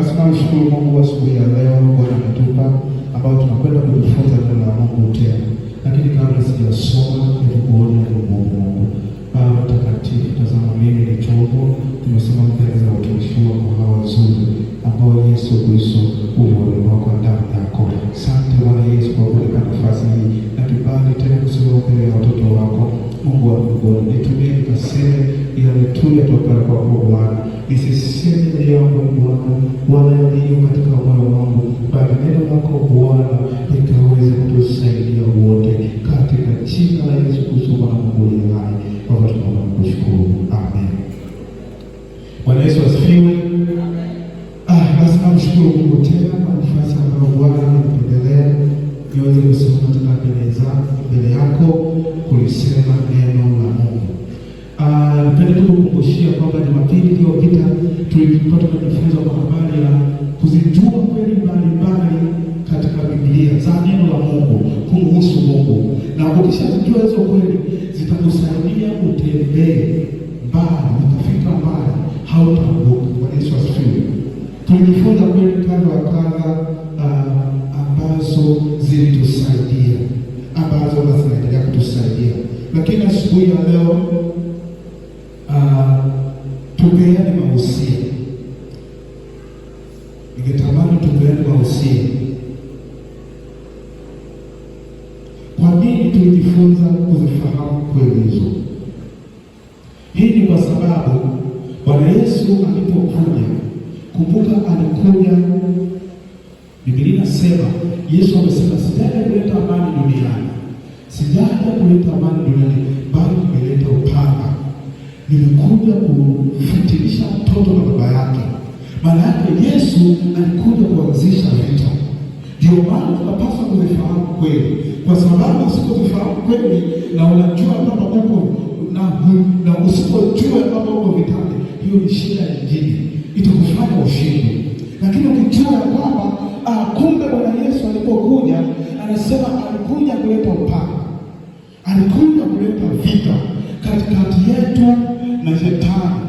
Basi tunamshukuru Mungu kwa siku ya leo, Bwana ametupa ambao tunakwenda kujifunza neno la Mungu tena, lakini kabla sijasoma, nikuone Mungu Mungu Baba Mtakatifu, tazama mimi ni chombo, tumesimama mbele za watumishi wako hawa wazuri, ambao Yesu Kristo umeolewa kwa damu yako. Asante Bwana Yesu kwa kuweka nafasi hii na kibali tena kusimama mbele ya watoto wako Mungu wa mbinguni, nitumie nikaseme yale tu yatokana kwako Bwana, isiseme yangu Bwana kukumbushia kwamba Jumapili iliyopita tulipata kujifunza kwa habari ya kuzijua kweli mbalimbali katika Biblia za neno la Mungu kumuhusu Mungu, na ukishajua hizo kweli zitakusaidia utembee mbali, utafika mbali, hautaanguka. Bwana Yesu asifiwe. Tulijifunza kweli kadha wa kadha ah, ambazo zilitusaidia, ambazo zinaendelea kutusaidia, lakini asubuhi ya leo kuja. Biblia inasema Yesu amesema, sijaja kuleta amani duniani, sijaja kuleta amani duniani, bali nimeleta upanga. Nimekuja kufutilisha mtoto na baba yake. Maana yake Yesu alikuja kuanzisha vita. Ndio maana tunapaswa kuzifahamu kweli, kwa sababu usipozifahamu kweli na unajua kwamba uko na, na usipojua kwamba uko vitani, hiyo ni shida nyingine itakufanya ushindwe. Lakini ukijua ya kwamba ah, kumbe Bwana Yesu alipokuja, anasema alikuja kuleta upanga, alikuja kuleta vita katikati yetu na shetani.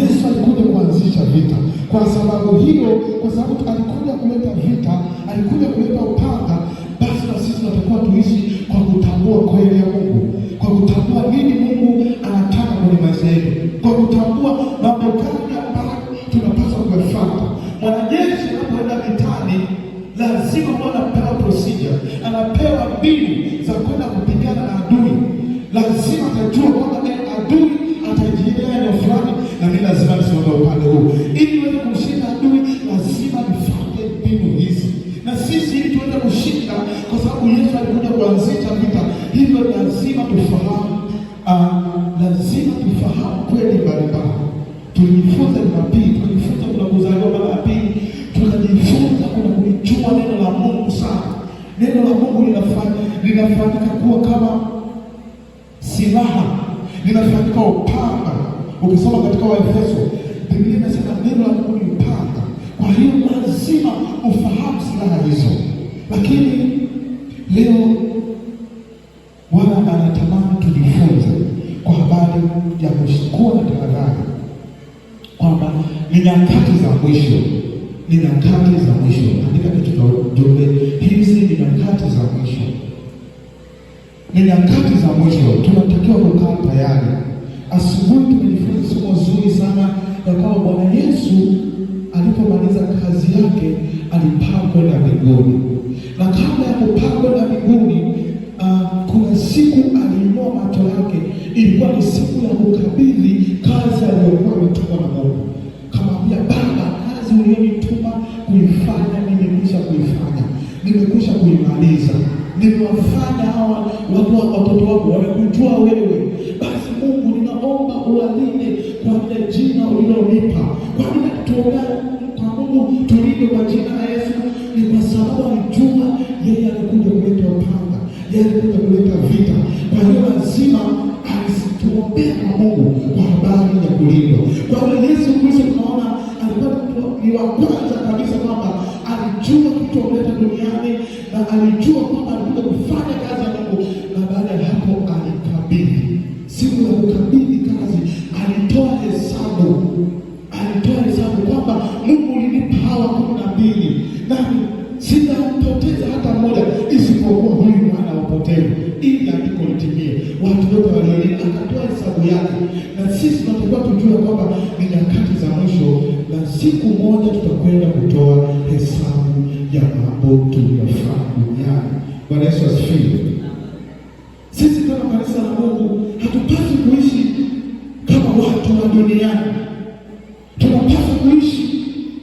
Yesu alikuja kuanzisha vita. Kwa sababu hiyo, kwa sababu alikuja kuleta vita, alikuja kuleta upanga, basi na sisi tunatakiwa tuishi kwa kutambua kweli ya Mungu, kwa kutambua nini Mungu anataka kwenye maisha yetu, kwa kutambua mbili za kwenda kupigana na adui, lazima atajua kwamba adui atajiendea eneo fulani, na mimi lazima nisimame upande huu ili niweze kumshinda adui. Lazima nifate mbinu hizi na sisi, ili tuweze kushinda, kwa sababu Yesu alikuja kuanzisha vita hivyo. Lazima tufahamu, ah, lazima tufahamu kweli mbalimbali. Tujifunze mapili, tujifunze kuna kuzaliwa mara ya pili, tukajifunza kuna kulijua neno la Neno la Mungu linafanyika kuwa kama silaha, linafanyika upanga. Ukisoma katika Waefeso, Biblia inasema neno la Mungu ni upanga. Kwa hiyo lazima ufahamu silaha hizo, lakini leo Bwana anatamani tujifunze kwa habari ya kushukua na tahadhari kwamba ni nyakati za mwisho ni nyakati za mwisho. Andika kitu cha ujumbe, hizi ni nyakati za mwisho, ni nyakati za mwisho. Tunatakiwa kukaa tayari. Asubuhi tumejifunza somo zuri sana ya kwamba Bwana Yesu alipomaliza kazi yake alipaa kwenda mbinguni, na kabla ya kupaa kwenda mbinguni, uh, kuna siku aliinua macho yake, ilikuwa ni siku ya kukabili nimekwisha kuimaliza, nimewafanya hawa watu watoto wako wamekujua wewe. Basi Mungu, ninaomba uwalinde kwa vile jina ulilonipa, kwa vile tuombea kwa Mungu, tulinde kwa jina la Yesu, ni kwa sababu alijua yeye alikuja kuleta upanga, yeye alikuja kuleta vita. Kwa hiyo lazima alisituombea kwa Mungu kwa habari ya kulindwa. Kwa hiyo Yesu Kristo tunaona alikuwa ni wa kwanza kabisa alileta duniani na alijua kwamba alikuja kufanya kazi ya Mungu, na baada ya hapo alikabidhi. Siku ya kukabidhi kazi alitoa hesabu, alitoa hesabu kwamba Mungu ulinipa hawa kumi na mbili na sitampoteza hata mmoja, isipokuwa huyu mwana upotee, ili andiko litimie, watu wote walielewa. Akatoa hesabu yake, na sisi tunatakiwa tujue kwamba ni nyakati za mwisho na siku moja tutakwenda kutoa hesabu ya mambo tuliyofanya duniani. Bwana Yesu asifiwe. Sisi kama kanisa la Mungu hatupaswi kuishi kama watu wa duniani, tunapaswa kuishi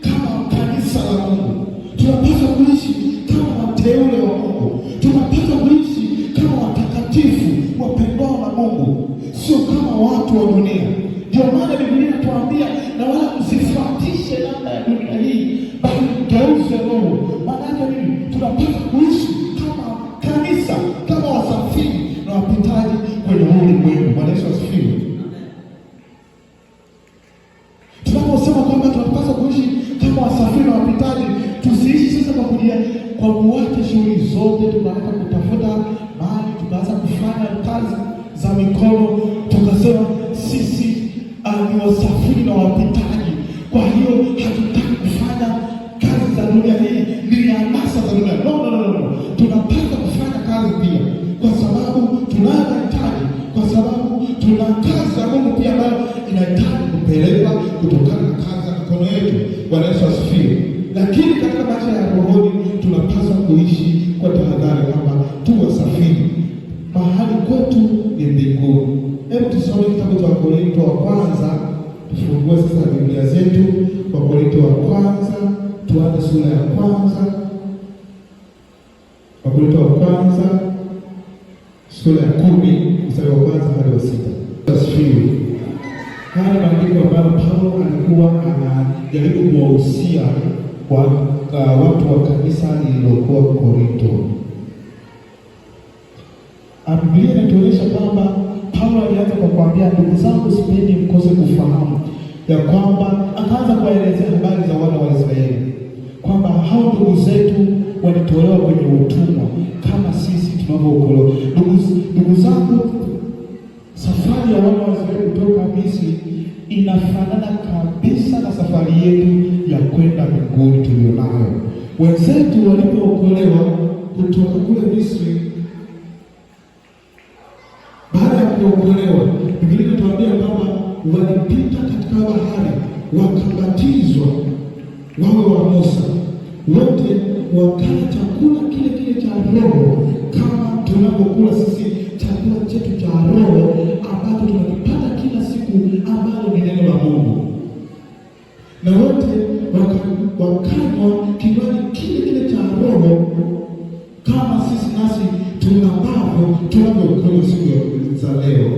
kama kanisa la Mungu, tunapaswa kuishi kama wateule wa Mungu, tunapaswa kuishi kama watakatifu wapendwa na Mungu, sio kama watu wa dunia. Ndio maana Biblia inatuambia Tuache shughuli zote, tunaweza kutafuta mahali tunaweza kufanya kazi za mikono, tukasema sisi ah, ni wasafiri na wapitaji, kwa hiyo hatutaki kufanya kazi za dunia hii, ni amasa za dunia. No, no, no, no. Tunataka kufanya kazi pia, kwa sababu tunahitaji, kwa sababu tuna kazi za Mungu pia ambayo inahitaji kupelekwa kutokana na kazi za mikono yetu. Bwana Yesu asifiwe. Lakini katika maisha ya kitabu cha Wakorintho wa kwanza, tufungue sasa Biblia zetu wakorinto wa kwanza, tuanze sura ya kwanza. Wakorintho wa kwanza sura ya kumi mstari wa kwanza hadi wa sita. Asifiwe. Haya maandiko ambayo Paulo alikuwa anajaribu kuwahusia kwa uh, watu wa kanisa lililokuwa Korinto. Biblia inatuonyesha kwamba Paulo alianza kwa kuambia ndugu zangu, sipendi mkose kufahamu ya kwamba, akaanza kuwaelezea habari za wana wa Israeli kwamba hao ndugu zetu walitolewa kwenye utumwa kama sisi tunavyookolewa. Ndugu zangu, safari ya wana wa Israeli kutoka Misri inafanana kabisa na safari yetu ya kwenda mbinguni tuliyonayo. Wenzetu walipookolewa kutoka kule Misri baada ya kuokolewa, Biblia inatuambia kwamba walipita katika bahari wakabatizwa wawe wa Musa, wote wakala chakula kile kile cha roho kama tunavyokula sisi chakula chetu cha roho ambacho tunakipata kila siku, ambalo ni neno la Mungu, na wote wakanywa kinywaji kile kile cha roho kama sisi nasi tunapavyo tunavyokunywa siku ya za leo,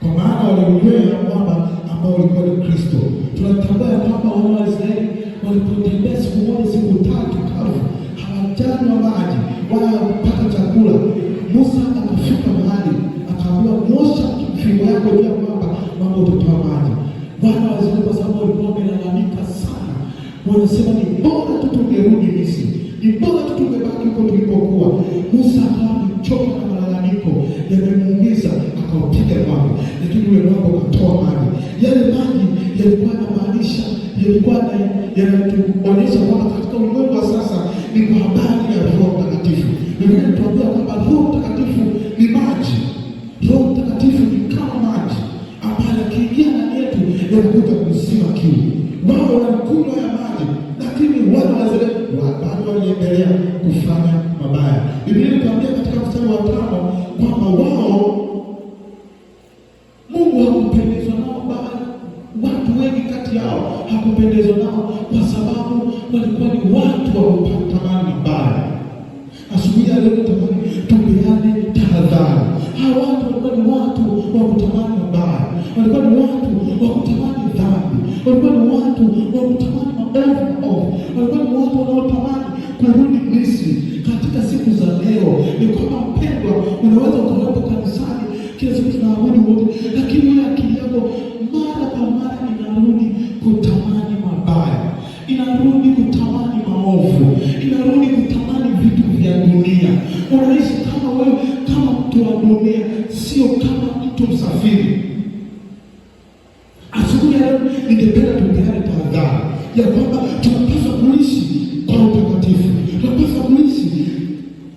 kwa maana walimnywea kwamba ambao walikuwa ni Kristo. Tunatambua ya kwamba wana wa Israeli walipotembea siku moja siku tatu kavu, hawajanywa maji wala kupata chakula, Musa akafika mahali akaambiwa, nyosha fimbo yako juu ya mwamba, mwamba utatoa maji. Wana wa Israeli kwa sababu walikuwa wamelalamika sana, wanasema ni bora tu tungerudi Misri, ni bora tu tungebaki huko tulipokuwa. Musa akawa amechoka yamemuumiza, akaupiga mwamba, lakini ule mwamba ukatoa maji. Yale maji yalikuwa yanamaanisha, yalikuwa yanatuonyesha kwamba katika ulimwengu wa sasa ni kwa habari ya Roho Mtakatifu. nikatuambia watu wanaotamani mabovu mabovu, walikuwa ni watu wanaotamani kurudi Misri. Katika siku za leo ni kwamba mpendwa, unaweza ukawepo kanisani kila siku tunaabudu wote, lakini ile akili yako mara kwa mara inarudi kutamani mabaya, inarudi kutamani maovu, inarudi kutamani vitu vya dunia. Unaishi kama wewe kama mtu wa dunia, sio kama mtu msafiri ningependa tupeane tahadhari ya kwamba tunapaswa kuishi kwa utakatifu, tunapaswa kuishi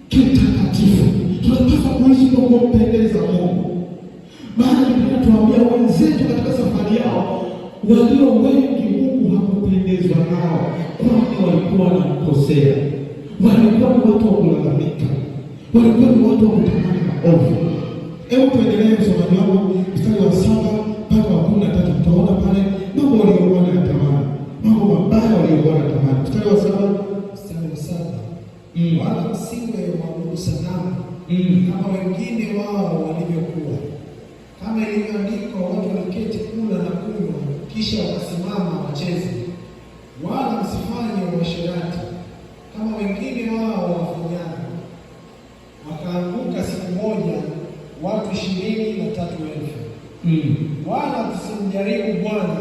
kitakatifu, tunapaswa kuishi kwa kumpendeza Mungu. Maana Biblia tuambia wenzetu katika safari yao walio wengi Mungu hakupendezwa nao, kwani walikuwa wanamkosea, walikuwa ni watu wa kulalamika, walikuwa ni watu wa kutamani maovu. Hebu tuendelee msomaji wangu mstari wa saba mpaka wa kumi na tatu. mm. wala msiwe waabudu sanamu mm. kama wengine wao walivyokuwa, kama ilivyoandikwa, watu waliketi kula na kunywa, kisha wakasimama wacheze. Wala msifanye uasherati kama wengine wao wafanyao, wakaanguka siku moja watu ishirini na tatu elfu. Mm. Wala msimjaribu Bwana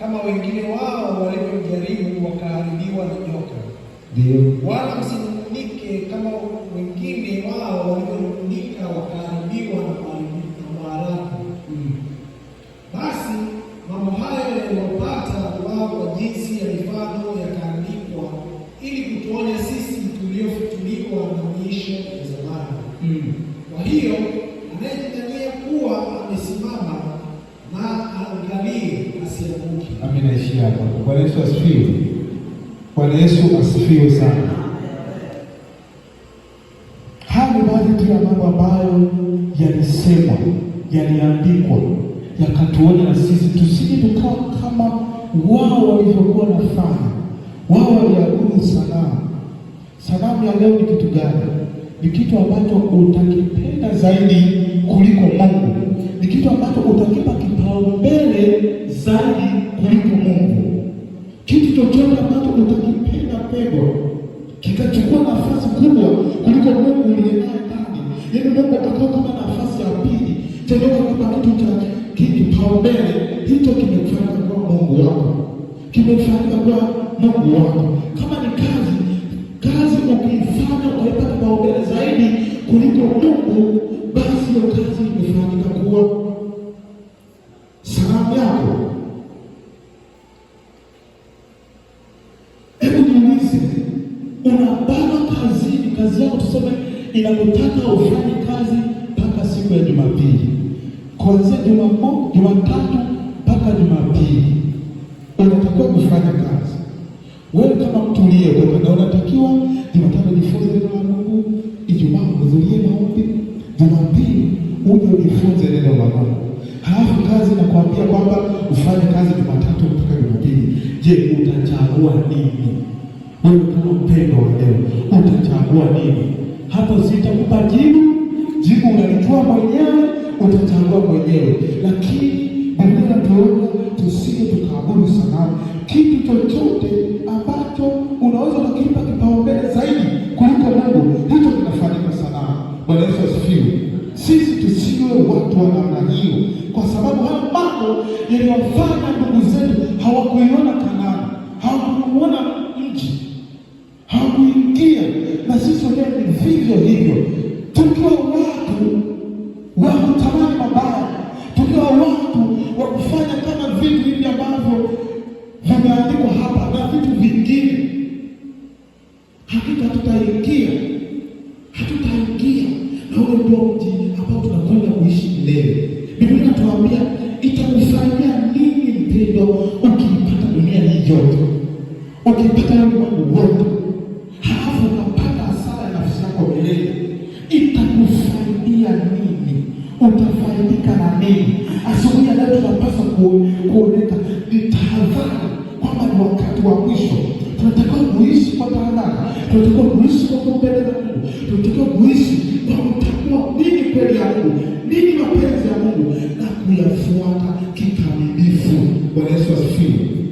kama wengine wao walivyomjaribu wakaharibiwa na nyoka. Ndio. Wala msi kike kama wengine wao walionunika wakaharibiwa na Waarabu. Hmm. Basi mambo hayo yaliyopata wao kwa jinsi ya mifano yakaandikwa, ili kutuonya sisi tuliofutuliwa na miisho ya zamani. Hmm. Kwa hiyo anayejidhania kuwa amesimama na angalie asianguke. Amina. Yesu asifiwe. Bwana Yesu asifiwe sana. yalisemwa, yaliandikwa, yakatuona na sisi tusije tukawa kama wao walivyokuwa fana, Wao waliabudu sanamu. Sanamu ya leo ni kitu gani? Ni kitu ambacho utakipenda zaidi kuliko Mungu, ni kitu ambacho utakipa kipaumbele zaidi kuliko Mungu. Kitu chochote ambacho utakipenda pego kikachukua nafasi kubwa kuliko Mungu uliyenaye Tendeka kupa kitu cha kipaumbele hicho, kimefanya kwa Mungu wako, kimefanya kwa Mungu wako. Kama ni kazi, kazi ukiifanya ukaipa kipaumbele zaidi kuliko Mungu, basi hiyo kazi imefanyika kuwa sanamu yako. Hebu jiulize, unabana kazini, kazi yako tuseme inakutaka ufanye kazi mpaka siku ya Jumapili kuanzia Jumatatu mpaka Jumapili unatakiwa kufanya kazi. Wewe kama mtu uliyekuwa unatakiwa Jumatatu jifunze neno la Mungu, Ijumaa kuhudhuria maombi, Jumapili uje ujifunze neno la Mungu. Halafu kazi nakwambia kwamba ufanye kazi Jumatatu mpaka Jumapili. Je, utachagua nini? Wewe kama mpendo wa leo utachagua nini? Hapo sitakupa jibu, jibu unalijua mwenyewe utachagua mwenyewe, lakini Biblia tuona tusije tukaabudu sanamu kitu chochote hilo, ukiipata dunia hii yote, ukipata ulimwengu wote, halafu unapata hasara ya nafsi yako milele, itakufaidia nini? Utafaidika na nini? Asubuhi ya leo tunapaswa kuoneka mtahadhari kwamba ni wakati wa mwisho. Tunatakiwa kuishi kwa tahadhari, tunatakiwa kuishi kwa kumbele za Mungu, tunatakiwa kuishi kwa kutambua nini kweli ya Mungu, nini mapenzi ya Mungu na kuyafuata kikamilifu. parece assim.